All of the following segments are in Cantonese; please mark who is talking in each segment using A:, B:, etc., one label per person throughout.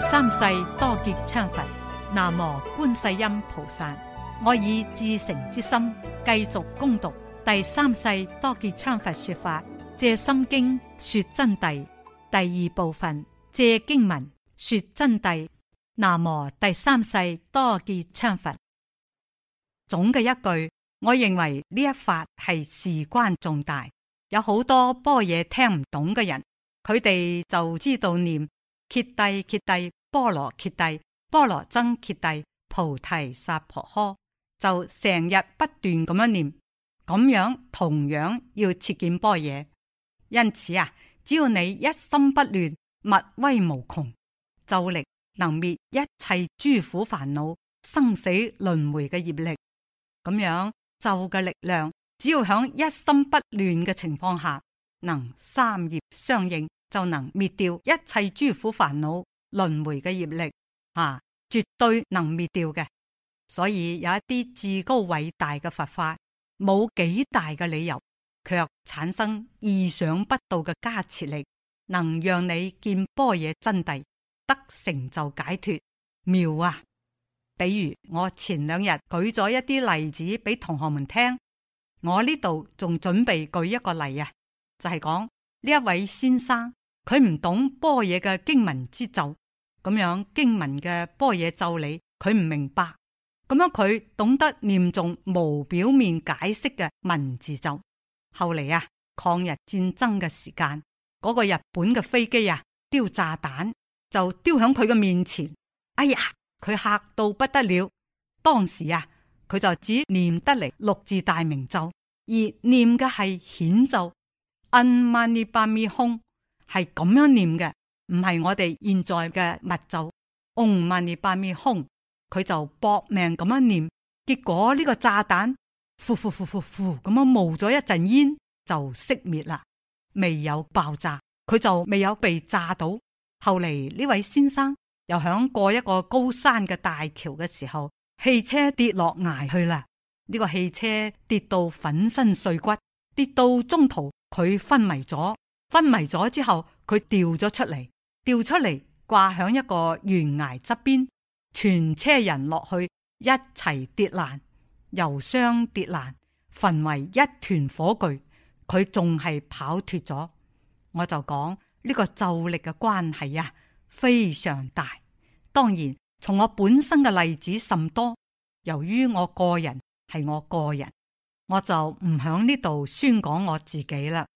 A: 第三世多杰羌佛，南無觀世音菩薩。我以至誠之心繼續攻讀第三世多杰羌佛說法，借心經說真諦第二部分，借經文說真諦。南無第三世多杰羌佛。總嘅一句，我認為呢一法係事關重大，有好多般若聽唔懂嘅人，佢哋就知道念揭諦揭諦。波羅揭諦，波羅僧揭諦，菩提薩婆訶。就成日不斷咁樣念，咁樣同樣要切見般若。因此啊，只要你一心不亂，物威無窮，咒力能滅一切諸苦煩惱、生死輪回嘅業力。咁樣咒嘅力量，只要響一心不亂嘅情況下，能三業相應，就能滅掉一切諸苦煩惱。輪回嘅業力啊，絕對能滅掉嘅。所以有一啲至高偉大嘅佛法，冇幾大嘅理由，卻產生意想不到嘅加持力，能讓你見般若真諦，得成就解脫。妙啊！比如我前兩日舉咗一啲例子俾同學們聽，我呢度仲準備舉一個例啊，就係講呢一位先生。佢唔懂般若嘅經文之咒，咁樣經文嘅般若咒理，佢唔明白。咁樣佢懂得念誦無表面解釋嘅文字咒。後嚟啊，抗日戰爭嘅時間，嗰個日本嘅飛機啊，丟炸彈就丟響佢嘅面前。哎呀，佢嚇到不得了。當時啊，佢就只念得嚟六字大明咒，而念嘅係顯咒，唵嘛呢叭咪吽。係咁樣念嘅，唔係我哋現在嘅密咒，唵嘛呢叭咪吽，佢就搏命咁樣念，結果呢個炸彈呼呼呼呼呼咁樣冒咗一陣煙就熄滅啦，未有爆炸，佢就未有被炸到。後嚟呢位先生又響過一個高山嘅大橋嘅時候，汽車跌落崖去啦，呢、這個汽車跌到粉身碎骨，跌到中途佢昏迷咗。昏迷咗之後，佢掉咗出嚟，掉出嚟掛響一個懸崖側邊，全車人落去一齊跌爛，油箱跌爛，焚為一團火炬，佢仲係跑脫咗。我就講呢、這個咒力嘅關係呀、啊，非常大。當然，從我本身嘅例子甚多，由於我個人係我個人，我就唔響呢度宣講我自己啦。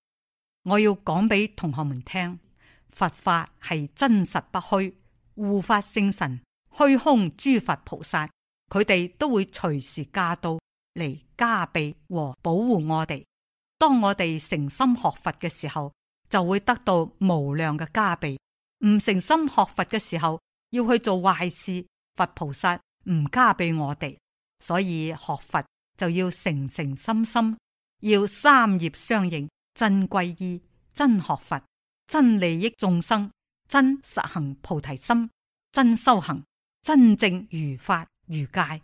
A: 我要講俾同學們聽，佛法係真實不虛，護法聖神、虛空諸佛菩薩，佢哋都會隨時加到嚟，加庇和保護我哋。當我哋誠心學佛嘅時候，就會得到無量嘅加庇；唔誠心學佛嘅時候，要去做壞事，佛菩薩唔加庇我哋。所以學佛就要誠誠心心，要三業相應。真皈依，真學佛，真利益眾生，真實行菩提心，真修行，真正如法如戒。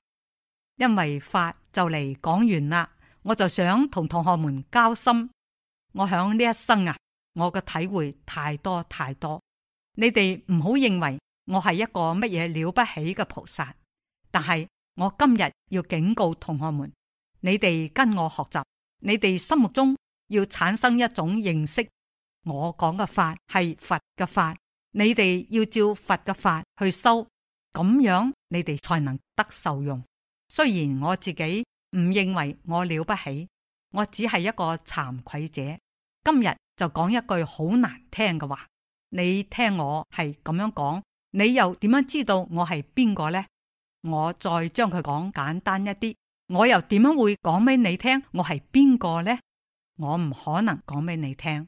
A: 因為法就嚟講完啦，我就想同同學們交心。我響呢一生啊，我嘅體會太多太多。你哋唔好認為我係一個乜嘢了不起嘅菩薩，但係我今日要警告同學們，你哋跟我學習，你哋心目中。要產生一種認識，我講嘅法係佛嘅法，你哋要照佛嘅法去修，咁樣你哋才能得受用。雖然我自己唔認為我了不起，我只係一個慚愧者。今日就講一句好難聽嘅話，你聽我係咁樣講，你又點樣知道我係邊個呢？我再將佢講簡單一啲，我又點樣會講俾你聽我係邊個呢？我唔可能講俾你聽，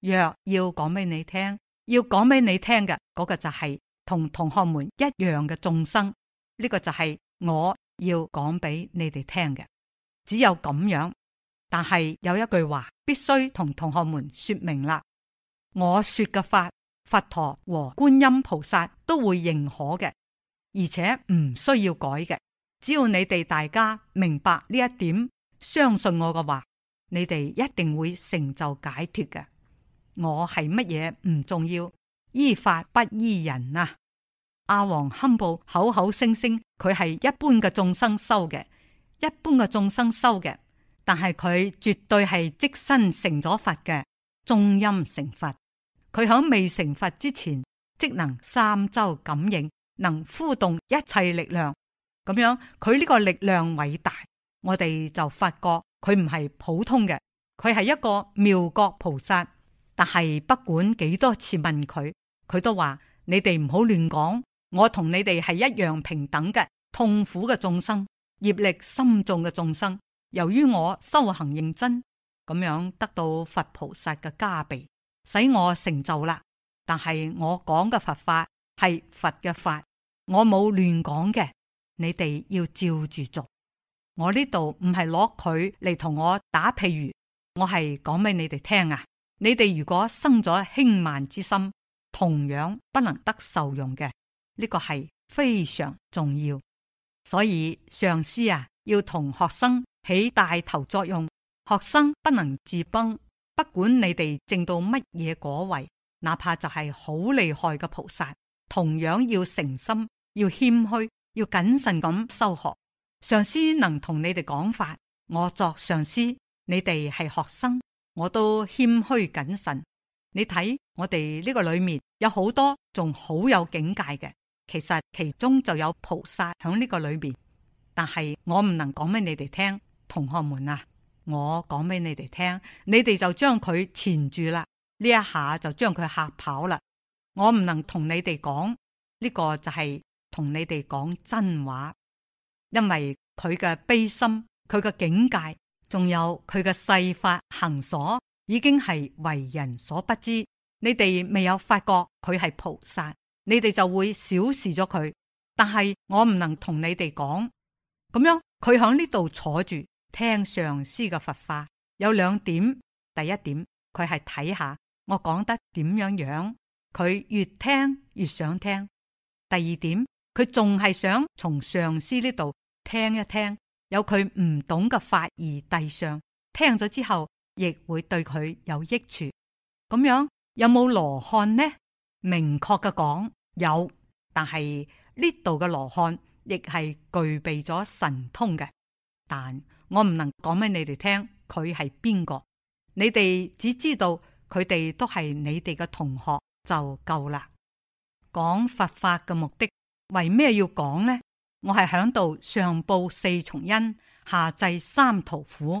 A: 若要講俾你聽，要講俾你聽嘅嗰個就係同同學們一樣嘅眾生，呢個就係我要講俾你哋聽嘅。只有咁樣，但係有一句話必須同同學們說明啦，我說嘅法，佛陀和觀音菩薩都會認可嘅，而且唔需要改嘅，只要你哋大家明白呢一點，相信我嘅話。你哋一定會成就解脫嘅。我係乜嘢唔重要，依法不依人啊！阿、啊、王堪布口口聲聲佢係一般嘅眾生修嘅，一般嘅眾生修嘅，但係佢絕對係即身成咗佛嘅，中陰成佛。佢喺未成佛之前，即能三周感應，能呼動一切力量。咁樣佢呢個力量偉大，我哋就發覺。佢唔係普通嘅，佢係一個妙覺菩薩。但係不管幾多次問佢，佢都話：你哋唔好亂講，我同你哋係一樣平等嘅痛苦嘅眾生，業力深重嘅眾生。由於我修行認真，咁樣得到佛菩薩嘅加被，使我成就啦。但係我講嘅佛法係佛嘅法，我冇亂講嘅。你哋要照住做。我呢度唔係攞佢嚟同我打譬如，我係講俾你哋聽啊！你哋如果生咗輕慢之心，同樣不能得受用嘅。呢個係非常重要，所以上師啊要同學生起帶頭作用，學生不能自崩。不管你哋證到乜嘢果位，哪怕就係好厲害嘅菩薩，同樣要誠心、要謙虛、要謹慎咁修學。上司能同你哋講法，我作上司，你哋係學生，我都謙虛謹慎。你睇我哋呢個裏面有好多仲好有境界嘅，其實其中就有菩薩響呢個裏面，但係我唔能講俾你哋聽。同學們啊，我講俾你哋聽，你哋就將佢纏住啦。呢一下就將佢嚇跑啦。我唔能同你哋講，呢個就係同你哋講真話。因為佢嘅悲心、佢嘅境界、仲有佢嘅世法行所，已經係為人所不知。你哋未有發覺佢係菩薩，你哋就會小視咗佢。但係我唔能同你哋講，咁樣佢喺呢度坐住聽上師嘅佛法，有兩點。第一點，佢係睇下我講得點樣樣，佢越聽越想聽。第二點，佢仲係想從上師呢度。聽一聽，有佢唔懂嘅法而遞上，聽咗之後亦會對佢有益處。咁樣有冇羅漢呢？明確嘅講有，但係呢度嘅羅漢亦係具備咗神通嘅。但我唔能講俾你哋聽佢係邊個，你哋只知道佢哋都係你哋嘅同學就夠啦。講佛法嘅目的，為咩要講呢？我係響度上報四重恩，下濟三途苦。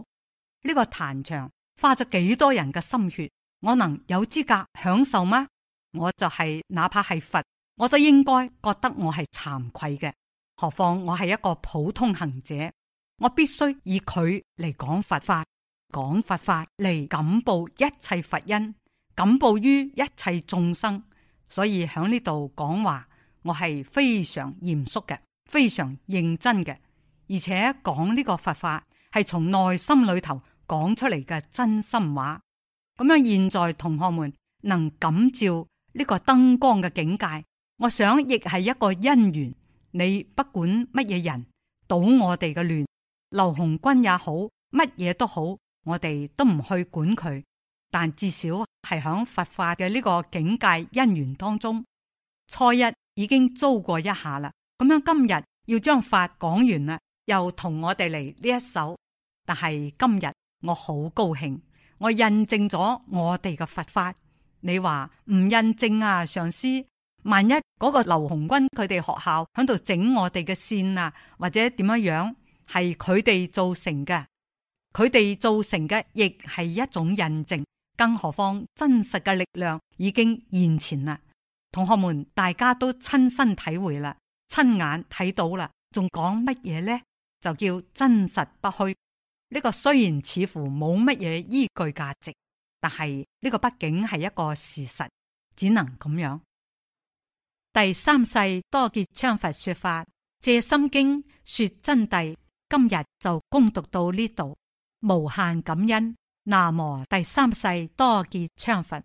A: 呢、這個壇場花咗幾多人嘅心血，我能有資格享受嗎？我就係、是、哪怕係佛，我都應該覺得我係慚愧嘅。何況我係一個普通行者，我必須以佢嚟講佛法，講佛法嚟感報一切佛恩，感報於一切眾生。所以響呢度講話，我係非常嚴肅嘅。非常認真嘅，而且講呢個佛法係從內心裏頭講出嚟嘅真心話。咁樣現在同學們能感召呢個燈光嘅境界，我想亦係一個因緣。你不管乜嘢人搗我哋嘅亂，劉紅軍也好，乜嘢都好，我哋都唔去管佢。但至少係響佛法嘅呢個境界因緣當中，初一已經遭過一下啦。咁樣今日要將法講完啦，又同我哋嚟呢一首。但係今日我好高興，我印證咗我哋嘅佛法。你話唔印證啊，上司？萬一嗰個劉紅軍佢哋學校響度整我哋嘅線啊，或者點樣樣係佢哋造成嘅，佢哋造成嘅亦係一種印證。更何況真實嘅力量已經現前啦，同學們，大家都親身體會啦。親眼睇到啦，仲講乜嘢呢？就叫真實不虛。呢、這個雖然似乎冇乜嘢依據價值，但係呢、這個畢竟係一個事實，只能咁樣。第三世多杰羌佛說法，借心經說真諦。今日就恭讀到呢度，無限感恩。南無第三世多杰羌佛。